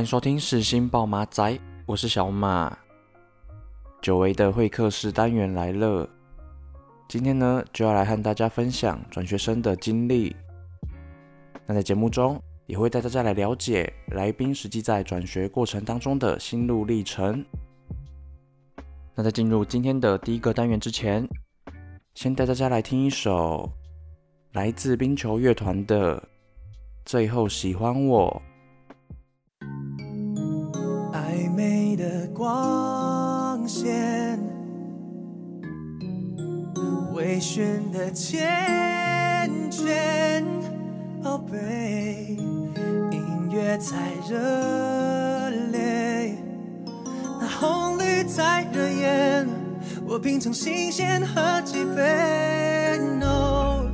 歡迎收聽《時興報馬仔》，我是小馬。久違的會客室單元來了，今天呢就要來和大家分享轉學生的經歷。那在節目中也會帶大家來了解來賓實際在轉學過程當中的心路歷程。那在進入今天的第一個單元之前，先帶大家來聽一首來自冰球樂團的《最後喜歡我》。光線微醺的繾綣，oh baby，音樂在熱烈，那紅綠太惹眼，我品嘗新鮮喝幾杯，no，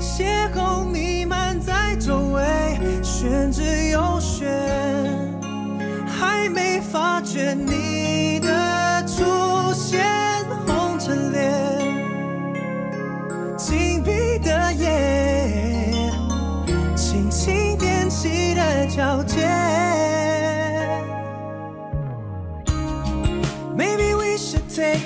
邂逅瀰漫在周圍，玄之又玄。你的出現，紅着臉，緊閉的眼，輕輕踮起的腳尖。Maybe we should take.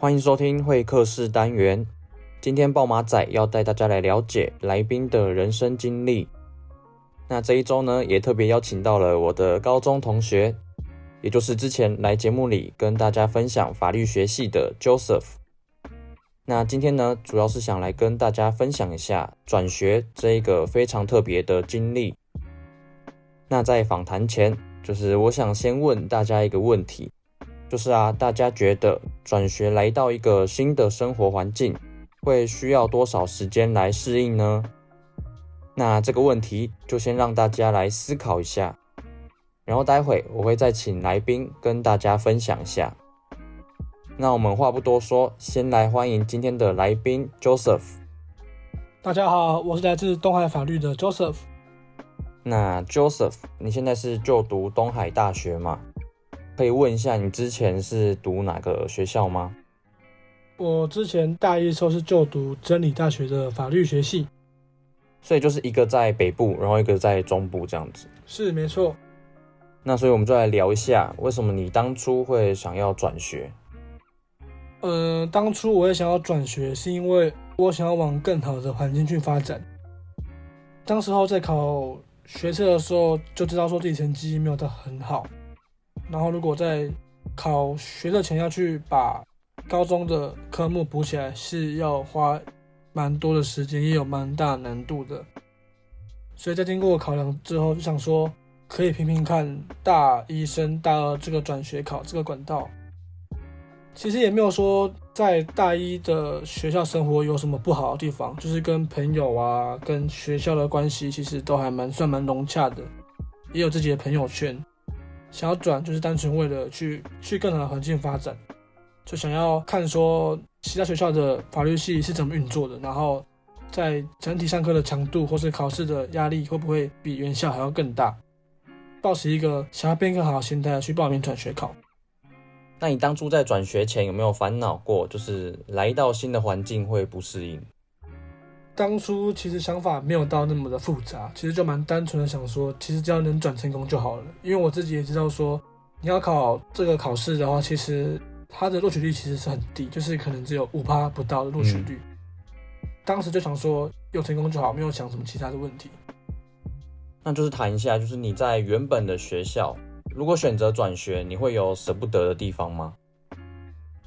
歡迎收聽會客室單元。今天報馬仔要帶大家來了解來賓的人生經歷。那這一周呢，也特別邀請到了我的高中同學，也就是之前來節目裡跟大家分享法律學系的 Joseph。那今天呢，主要是想來跟大家分享一下轉學這一個非常特別的經歷。那在訪談前，就是我想先問大家一個問題，就是啊，大家覺得轉學來到一個新的生活環境，會需要多少時間來適應呢？那這個問題就先讓大家來思考一下，然後待會我會再請來賓跟大家分享一下。那我們話不多說，先來歡迎今天的來賓 Joseph。大家好，我是來自東海法律的 Joseph。那 Joseph，你現在是就讀東海大學嗎？可以問一下你之前是讀哪個學校嗎？我之前大一時候是就讀真理大學的法律學系。所以就是一個在北部，然後一個在中部這樣子。是，沒錯。那所以我們就來聊一下，為什麼你當初會想要轉學？呃、嗯，當初我也想要轉學，是因為我想要往更好的環境去發展。當時候在考學測的時候，就知道說自己成績沒有得很好。然後如果在考學測前要去把高中的科目補起來，是要花蠻多的時間，也有蠻大難度的。所以在經過考量之後，就想說可以平平看大一，升大二這個轉學考這個管道。其實也沒有說在大一的學校生活有什麼不好的地方，就是跟朋友啊、跟學校的關係其實都還蠻算蠻融洽的，也有自己的朋友圈。想要轉就是單純為了去去更好的環境發展，就想要看說其他學校的法律系是怎麼運作的，然後在整體上課的強度或是考試的壓力會不會比原校還要更大。抱持一個想要變更好的心態去報名轉學考。那你當初在轉學前有沒有煩惱過？就是來到新的環境會不適應。當初其實想法沒有到那麼的複雜，其實就蠻單純的想說，其實只要能轉成功就好了。因為我自己也知道說，你要考這個考試的話，其實它的錄取率其實是很低，就是可能只有五趴不到的錄取率。嗯。當時就想說，有成功就好，沒有想什麼其他的問題。那就是談一下，就是你在原本的學校。如果選擇轉學，你會有捨不得的地方嗎？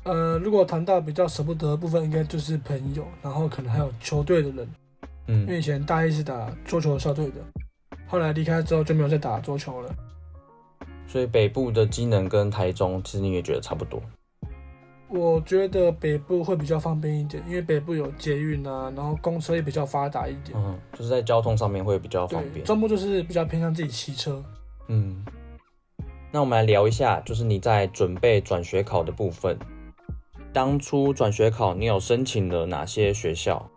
呃，如果談到比較捨不得的部分，應該就是朋友，然後可能還有球隊的人。嗯，因為以前大一是打桌球校隊的，後來離開之後就沒有再打桌球了。所以北部的機能跟台中，其實你也覺得差不多。我覺得北部會比較方便一點，因為北部有捷運啊，然後公車也比較發達一點。嗯，就是在交通上面會比較方便。中部就是比較偏向自己騎車。嗯。那我們來聊一下，就是你在準備轉學考的部分。當初轉學考，你有申請了哪些學校？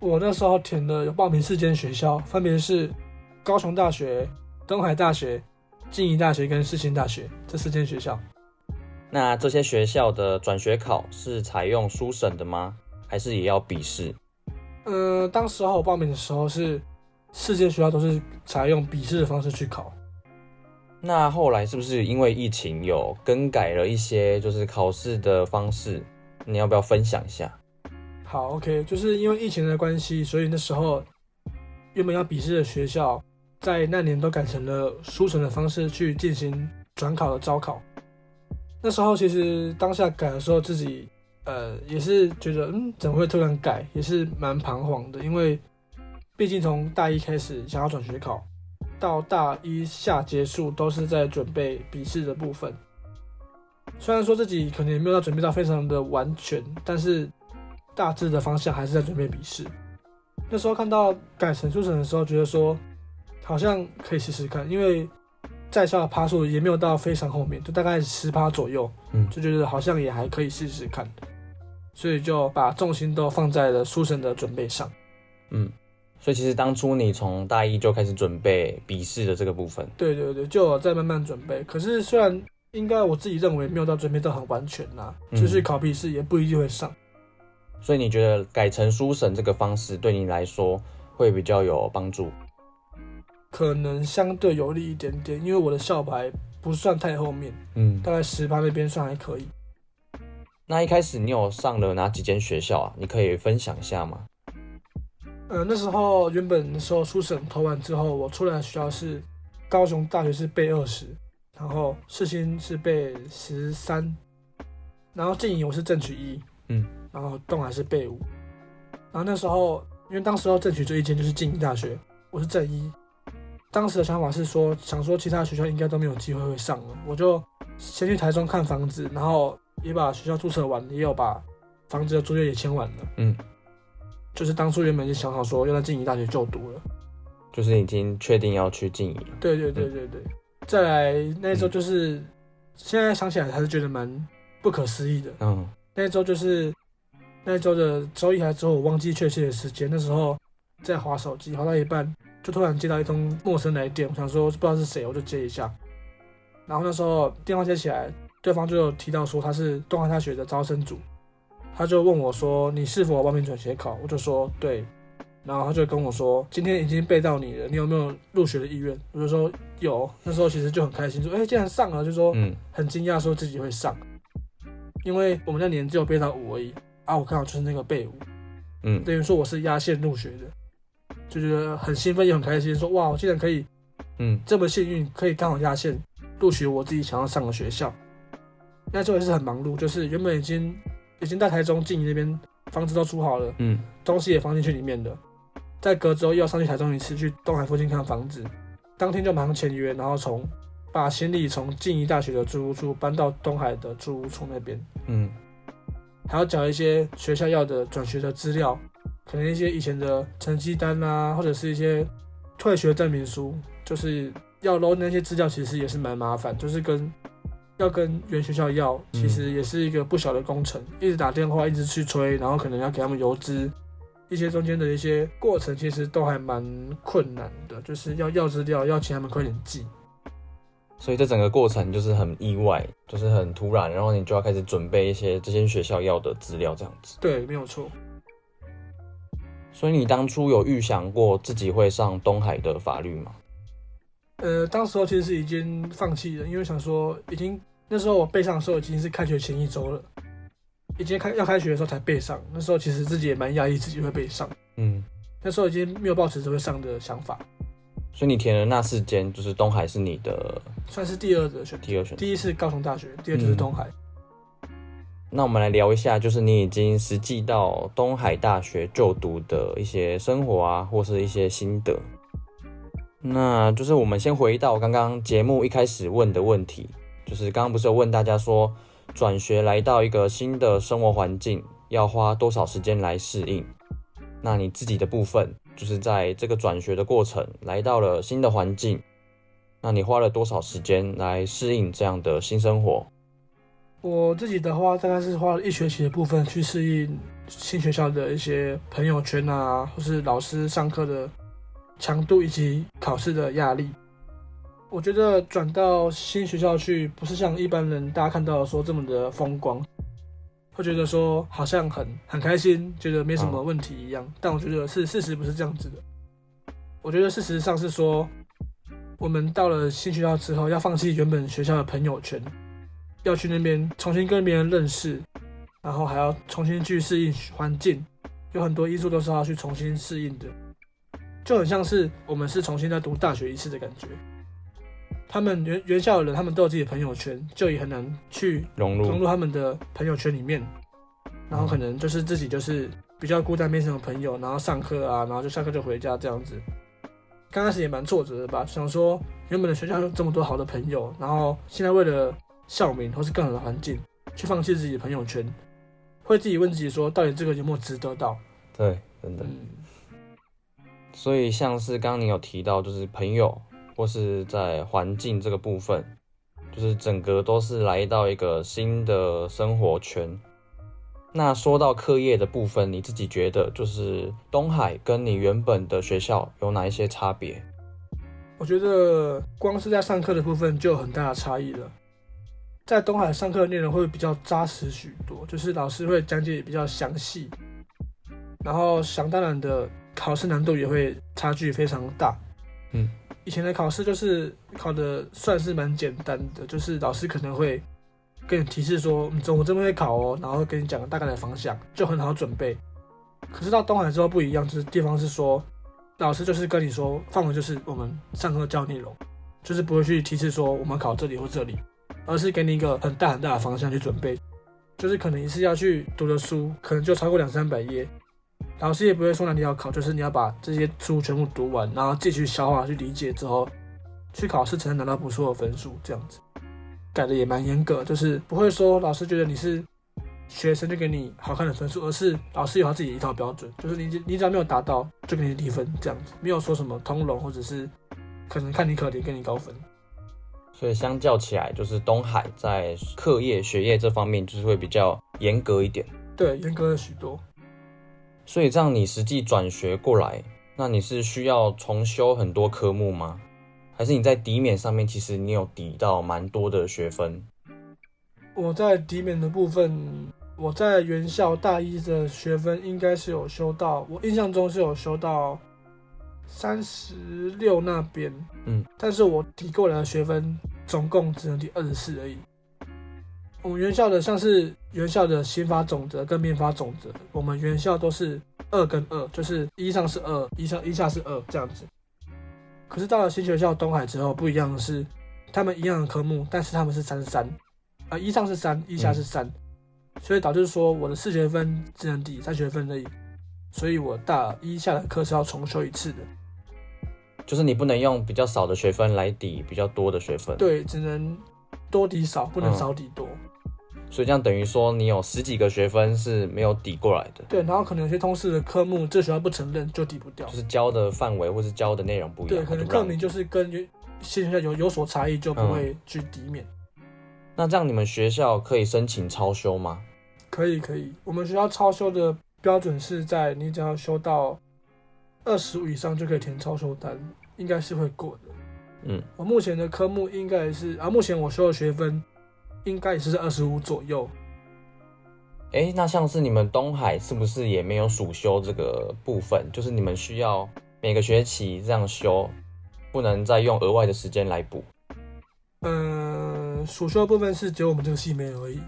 我那時候填的有報名四間學校，分別是高雄大學、東海大學、靜宜大學跟世新大學這四間學校。那這些學校的轉學考是採用書審的嗎？還是也要筆試？呃，當時候我報名的時候是四間學校都是採用筆試的方式去考。那後來是不是因為疫情有更改了一些，就是考試的方式？你要不要分享一下？好，OK，就是因為疫情的關係，所以那時候原本要筆試的學校，在那年都改成了書審的方式去進行轉考的招考。那時候其實當下改的時候，自己呃也是覺得，嗯，怎麼會突然改，也是蠻彷徨的，因為畢竟從大一開始想要轉學考。到大一下結束都是在準備筆試的部分，雖然說自己可能也沒有到準備到非常的完全，但是大致的方向還是在準備筆試。那時候看到改成書審的時候，覺得說好像可以試試看，因為在校的趴數也沒有到非常後面，就大概十趴左右，嗯，就覺得好像也還可以試試看，所以就把重心都放在了書審的準備上。嗯。嗯所以其實當初你從大一就開始準備筆試的這個部分。對對對，就在慢慢準備。可是雖然應該我自己認為沒有到準備都很完全吶、啊，嗯、就是考筆試也不一定會上。所以你覺得改成書審這個方式對你來說會比較有幫助？可能相對有利一點點，因為我的校排不算太後面，嗯，大概十八那邊算還可以。那一開始你有上了哪幾間學校啊？你可以分享一下嗎？呃，那時候原本的時候初審投完之後，我出來的學校是高雄大學是備二十，然後世新是備十三，然後靜宜我是正取一，嗯，然後東海是備五，然後那時候因為當時要正取這一間就是靜宜大學，我是正一，當時的想法是說想說其他的學校應該都沒有機會會上了，我就先去台中看房子，然後也把學校注冊完，也有把房子的租約也簽完了，嗯。就是當初原本就想好說要到靜宜大學就讀了，就是已經確定要去靜宜。對對對對對。嗯、再來那一周就是，嗯、現在想起來還是覺得蠻不可思議的。嗯。那一周就是，那一周的周一來之後，我忘記確切的時間。那時候在滑手機，滑到一半就突然接到一通陌生來電，我想說不知道是誰，我就接一下。然後那時候電話接起來，對方就有提到說他是東海大學的招生組。他就問我說：“你是否報名轉學考？”我就說：“對。”然後他就跟我說：“今天已經備到你了，你有沒有入學的意願？”我就說：“有。”那時候其實就很開心，說：“哎、欸，竟然上了！”就說：“嗯。”很驚訝，說自己會上，嗯、因為我們那年只有備到五而已。啊，我剛好就是那個備五，嗯，等於說我是壓線入學的，就覺得很興奮也很開心，說：“哇，我竟然可以，嗯，這麼幸運可以剛好壓線入學我自己想要上的學校。”那時候也是很忙碌，就是原本已經。已經在台中靜宜那邊房子都租好了，嗯，東西也放進去裡面了，在隔周又要上去台中一次，去東海附近看房子，當天就馬上簽約，然後從把行李從靜宜大學的租屋處搬到東海的租屋處那邊，嗯，還要繳一些學校要的轉學的資料，可能一些以前的成績單啊，或者是一些退學證明書，就是要弄那些資料，其實也是蠻麻煩，就是跟。要跟原學校要，其實也是一個不小的工程，嗯，一直打電話，一直去催，然後可能要給他們郵資，一些中間的一些過程，其實都還蠻困難的，就是要要資料，要請他們快點寄。所以這整個過程就是很意外，就是很突然，然後你就要開始準備一些這些學校要的資料，這樣子。對，沒有錯。所以你當初有預想過自己會上東海的法律嗎？呃，當時候其實是已經放棄了，因為想說已經。那時候我背上的時候已經是開學前一周了，已經開要開學的時候才背上。那時候其實自己也蠻訝異，自己會背上。嗯，那時候已經沒有抱持這會上的想法。所以你填了那四間，就是東海是你的，算是第二個選，第二選擇，第一是高雄大學，第二就是東海。嗯、那我們來聊一下，就是你已經實際到東海大學就讀的一些生活啊，或是一些心得。那就是我們先回到剛剛節目一開始問的問題。就是剛剛不是有問大家說，轉學來到一個新的生活環境，要花多少時間來適應？那你自己的部分，就是在這個轉學的過程，來到了新的環境，那你花了多少時間來適應這樣的新生活？我自己的話，大概是花了一學期的部分去適應新學校的一些朋友圈啊，或是老師上課的強度以及考試的壓力。我覺得轉到新學校去，不是像一般人大家看到的說這麼的風光，會覺得說好像很很開心，覺得沒什麼問題一樣。但我覺得是事實不是這樣子的。我覺得事實上是說，我們到了新學校之後，要放棄原本學校的朋友圈，要去那邊重新跟別人認識，然後還要重新去適應環境，有很多因素都是要去重新適應的，就很像是我們是重新在讀大學一次的感覺。他們原原校的人，他們都有自己的朋友圈，就也很難去融入融入他們的朋友圈裡面。然後可能就是自己就是比較孤單，沒什麼朋友。然後上課啊，然後就下課就回家這樣子。剛開始也蠻挫折的吧，想說原本的學校有這麼多好的朋友，然後現在為了校名或是更好的環境，去放棄自己的朋友圈，會自己問自己說，到底這個有沒有值得到？對，真的。嗯。所以像是剛剛你有提到，就是朋友，或是在環境這個部分，就是整個都是來到一個新的生活圈。那說到課業的部分，你自己覺得就是東海跟你原本的學校有哪一些差別？我覺得光是在上課的部分就有很大的差異了。在東海上課的內容會比較紮實許多，就是老師會講解也比較詳細，然後想當然的考試難度也會差距非常大。嗯。以前的考試就是考的算是蠻簡單的，就是老師可能會給你提示說，你中午這邊會考哦，然後跟你講大概的方向，就很好準備。可是到東海之後不一樣，就是地方是說，老師就是跟你說範圍就是我們上課教內容，就是不會去提示說我們考這裡或這裡，而是給你一個很大很大的方向去準備，就是可能一次要去讀的書可能就超過兩三百頁。老師也不會說難題要考，就是你要把這些書全部讀完，然後繼續消化、去理解之後，去考試才能拿到不錯的分數這樣子。改的也蠻嚴格，就是不會說老師覺得你是學生就給你好看的分數，而是老師有他自己一套標準，就是你你只要沒有達到就給你低分，這樣子沒有說什麼通融或者是可能看你可憐給你高分。所以相較起來，就是東海在課業、學業這方面就是會比較嚴格一點。對，嚴格了許多。所以這樣，你實際轉學過來，那你是需要重修很多科目嗎？還是你在抵免上面，其實你有抵到蠻多的學分？我在抵免的部分，我在原校大一的學分應該是有修到，我印象中是有修到三十六那邊，嗯，但是我抵過來的學分總共只能抵二十四而已。我們、嗯、原校的像是原校的刑法總則跟民法總則，我們原校都是二跟二，就是一上是二，一下一下是二這樣子。可是到了新學校東海之後不一樣的是，他們一樣的科目，但是他們是三三、呃，啊，一上是三，一下是三、嗯，所以導致說我的四學分只能抵三學分而已，所以我大一下的課是要重修一次的。就是你不能用比較少的學分來抵比較多的學分。對，只能多抵少，不能少抵，抵多。嗯所以這樣等於說，你有十幾個學分是沒有抵過來的。對，然後可能有些通識的科目，這學校不承認就抵不掉，就是教的範圍或是教的內容不一樣。對，可能課名就是跟現在有有所差異，就不會去抵免。嗯。那這樣你們學校可以申請超修嗎？可以，可以。我們學校超修的標準是在你只要修到二十五以上就可以填超修單，應該是會過的。嗯，我目前的科目應該是，啊，目前我修的學分。應該也是在二十五左右。哎、欸，那像是你們東海是不是也沒有暑修這個部分？就是你們需要每個學期這樣修，不能再用額外的時間來補。嗯，暑修的部分是只有我們這個系沒有而已。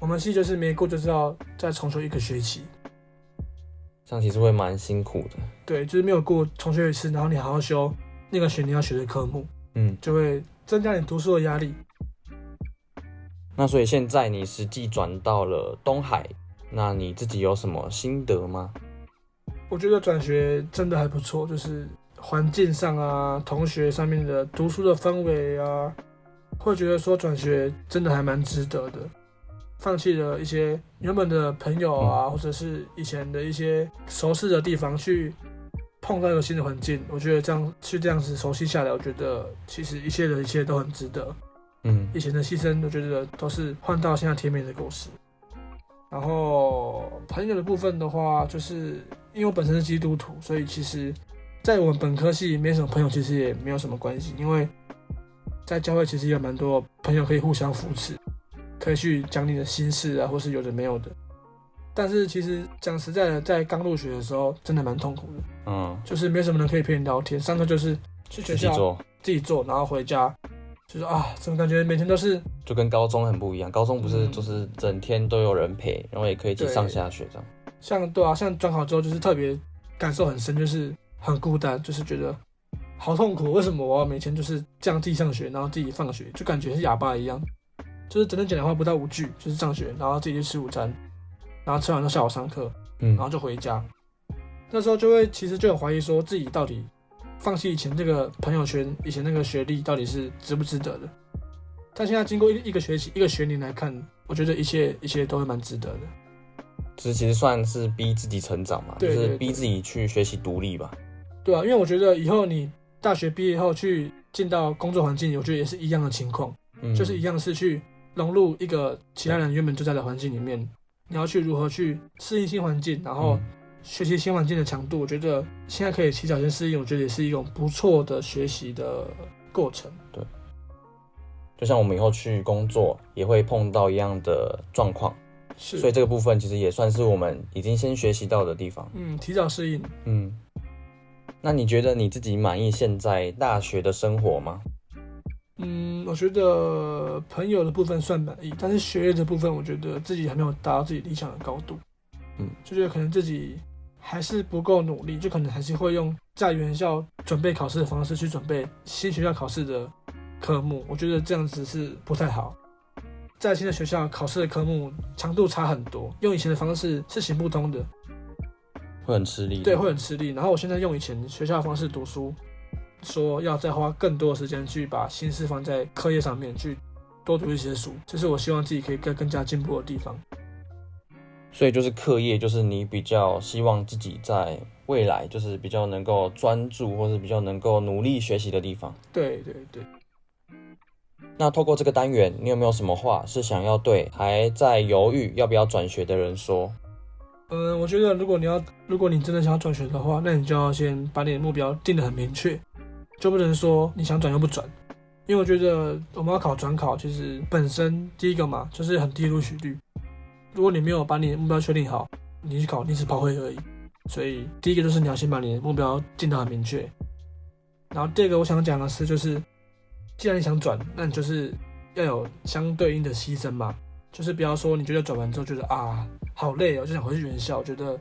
我們系就是沒過就是要再重修一個學期，這樣其實會蠻辛苦的。對，就是沒有過重修一次，然後你好好修那個學你要學的科目，嗯，就會增加你讀書的壓力。那所以現在你實際轉到了東海，那你自己有什麼心得嗎？我覺得轉學真的還不錯，就是環境上啊，同學上面的讀書的氛圍啊，會覺得說轉學真的還蠻值得的。放棄了一些原本的朋友啊，嗯、或者是以前的一些熟悉的地方去碰到一個新的環境，我覺得這樣去這樣子熟悉下來，我覺得其實一切的一切都很值得。嗯，以前的犧牲，都覺得都是換到現在甜美的故事。然後朋友的部分的話，就是因為我本身是基督徒，所以其實，在我們本科系沒什麼朋友，其實也沒有什麼關係，因為在教會其實也有蠻多朋友可以互相扶持，可以去講你的心事啊，或是有的沒有的。但是其實講實在的，在剛入學的時候，真的蠻痛苦的。嗯，就是沒什麼人可以陪你聊天，上課就是去學校自己做，自己做，然後回家。就是啊，怎麼感覺每天都是就跟高中很不一樣？高中不是就是整天都有人陪，嗯、然後也可以一起上下學這樣。對，像對啊，像轉好之後就是特別感受很深，就是很孤單，就是覺得好痛苦。為什麼我要每天就是這樣自己上學，然後自己放學，就感覺是啞巴一樣，就是整整講的話不到五句，就是上學，然後自己去吃午餐，然後吃完就下午上課，嗯，然後就回家。那時候就會其實就很懷疑說自己到底。放棄以前這個朋友圈，以前那個學歷到底是值不值得的？但現在經過一一個學期、一個學年來看，我覺得一切一切都會蠻值得的。這其實算是逼自己成長嘛，對對對對，就是逼自己去學習獨立吧。對啊，因為我覺得以後你大學畢業後去進到工作環境，我覺得也是一樣的情況，嗯、就是一樣是去融入一個其他人原本就在的環境裡面，你要去如何去適應新環境，然後。學習新環境的強度，我覺得現在可以提早先適應，我覺得也是一種不錯的學習的過程。對，就像我們以後去工作也會碰到一樣的狀況，是。所以這個部分其實也算是我們已經先學習到的地方。嗯，提早適應。嗯，那你覺得你自己滿意現在大學的生活嗎？嗯，我覺得朋友的部分算滿意，但是學業的部分，我覺得自己還沒有達到自己理想的高度。嗯，就覺得可能自己。還是不夠努力，就可能還是會用在原校準備考試的方式去準備新學校考試的科目。我覺得這樣子是不太好，在新的學校考試的科目強度差很多，用以前的方式是行不通的，會很吃力。對，會很吃力。然後我現在用以前學校的方式讀書，說要再花更多的時間去把心思放在課業上面，去多讀一些書，這是我希望自己可以更更加進步的地方。所以就是課業，就是你比較希望自己在未來，就是比較能夠專注，或是比較能夠努力學習的地方。對對對。那透過這個單元，你有沒有什麼話是想要對還在猶豫要不要轉學的人說？嗯，我覺得如果你要，如果你真的想要轉學的話，那你就要先把你的目標定得很明確，就不能說你想轉又不轉，因為我覺得我們要考轉考，其實本身第一個嘛，就是很低錄取率。如果你沒有把你的目標確定好，你去考臨時跑會而已。所以第一個就是你要先把你的目標定得很明確。然後第二個我想講的是，就是既然你想轉，那你就是要有相對應的犧牲嘛。就是不要說你覺得轉完之後覺得啊，好累哦、喔，就想回去原校，我覺得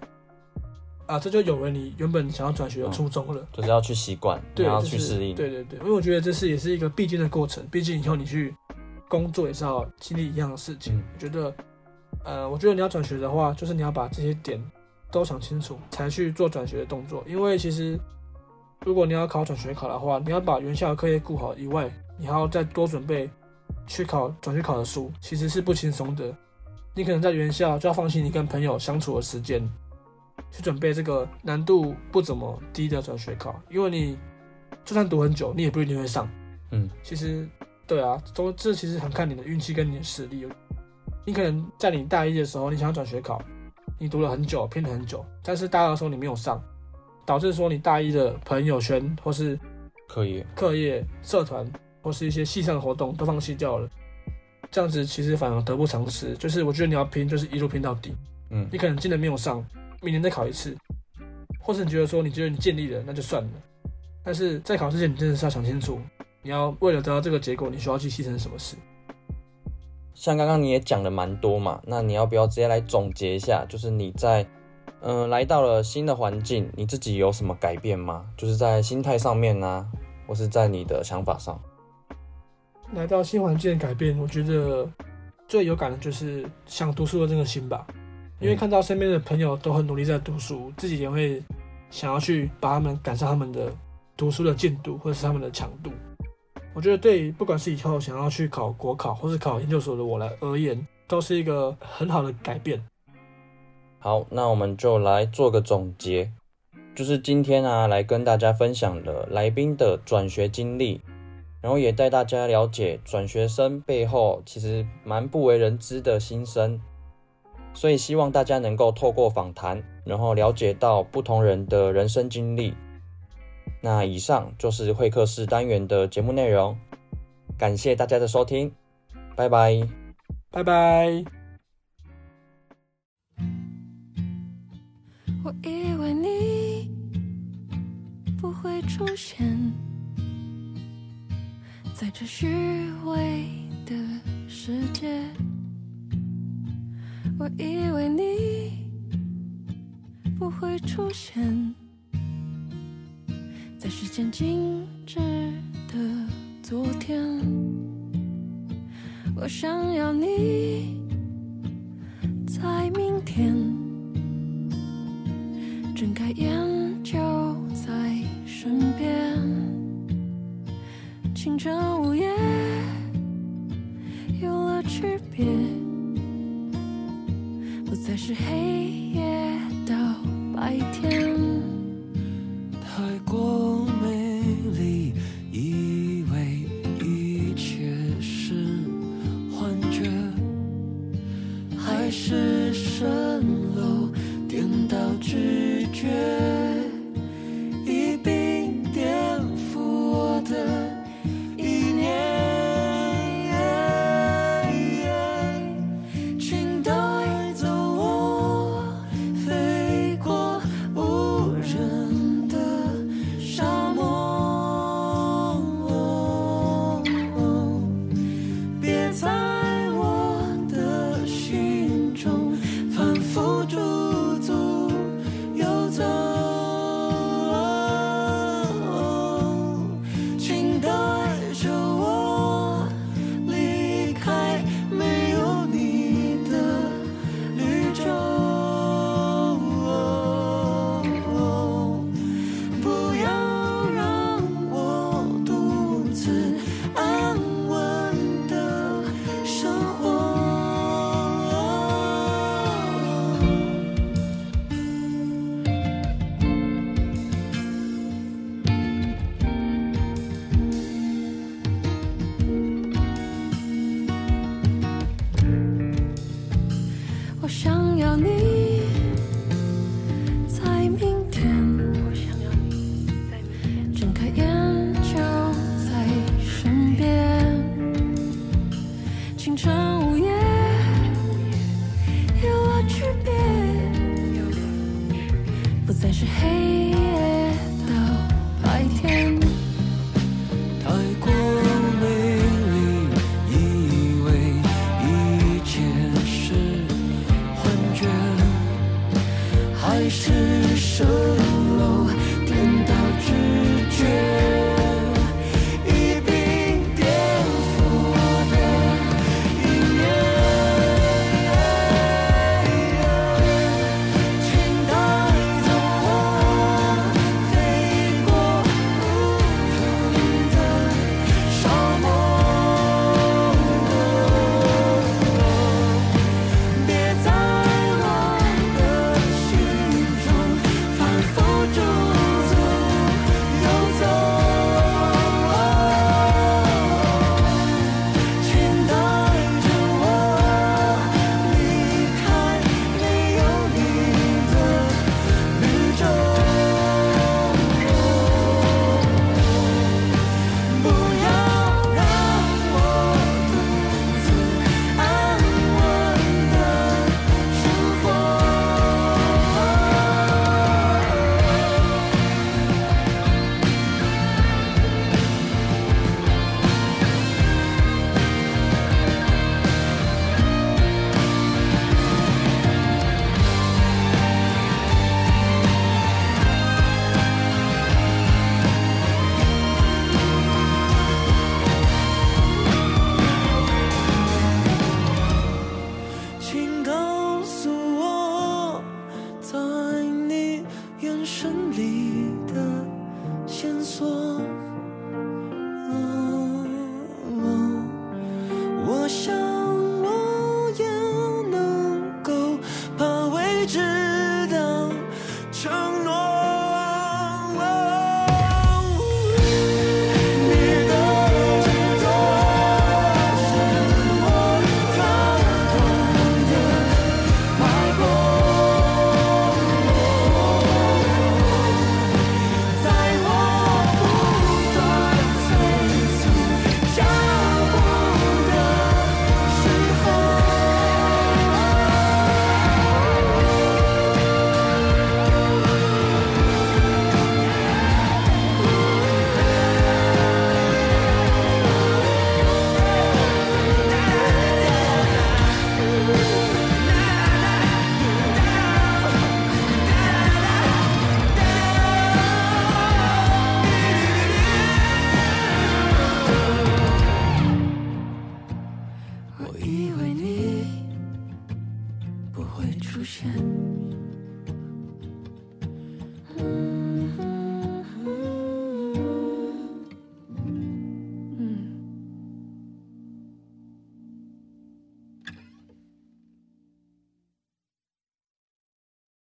啊，這就有了你原本想要轉學的初衷了、嗯。就是要去習慣，對，是要去適應。對對對，因為我覺得這是也是一個必經的過程，畢竟以後你去工作也是要經歷一樣的事情。嗯、我覺得。呃、嗯，我覺得你要轉學的話，就是你要把這些點都想清楚，才去做轉學的動作。因為其實，如果你要考轉學考的話，你要把原校的課業顧好以外，你還要再多準備去考轉學考的書，其實是不輕鬆的。你可能在原校就要放棄你跟朋友相處的時間，去準備這個難度不怎麼低的轉學考。因為你就算讀很久，你也不一定會上。嗯，其實，對啊，都這其實很看你的運氣跟你的實力。你可能在你大一的時候，你想要轉學考，你讀了很久，拼了很久，但是大二的時候你沒有上，導致說你大一的朋友圈或是課業、課業社團或是一些系上的活動都放棄掉了，這樣子其實反而得不償失。就是我覺得你要拼，就是一路拼到底。嗯，你可能今年沒有上，明年再考一次，或是你覺得說你覺得你盡力了，那就算了。但是在考試前，你真的是要想清楚，你要為了得到這個結果，你需要去犧牲什麼事？像剛剛你也講了蠻多嘛，那你要不要直接來總結一下？就是你在，嗯，來到了新的環境，你自己有什麼改變嗎？就是在心態上面啊，或是在你的想法上。來到新環境的改變，我覺得最有感的就是想讀書的這個心吧，因為看到身邊的朋友都很努力在讀書，自己也會想要去把他們趕上他們的讀書的進度，或者是他們的強度。我覺得對，不管是以後想要去考國考或是考研究所的我來而言，都是一個很好的改變。好，那我們就來做個總結，就是今天啊來跟大家分享了來賓的轉學經歷，然後也帶大家了解轉學生背後其實蠻不為人知的心聲。所以希望大家能夠透過訪談，然後了解到不同人的人生經歷。那以上就是會客室單元的節目內容，感謝大家的收聽，拜拜，拜拜。我以為你不會出現在這虛偽的世界，我以為你不會出現。時間靜止的昨天，我想要你，在明天。睜開眼就在身邊，清晨午夜有了區別，不再是黑夜。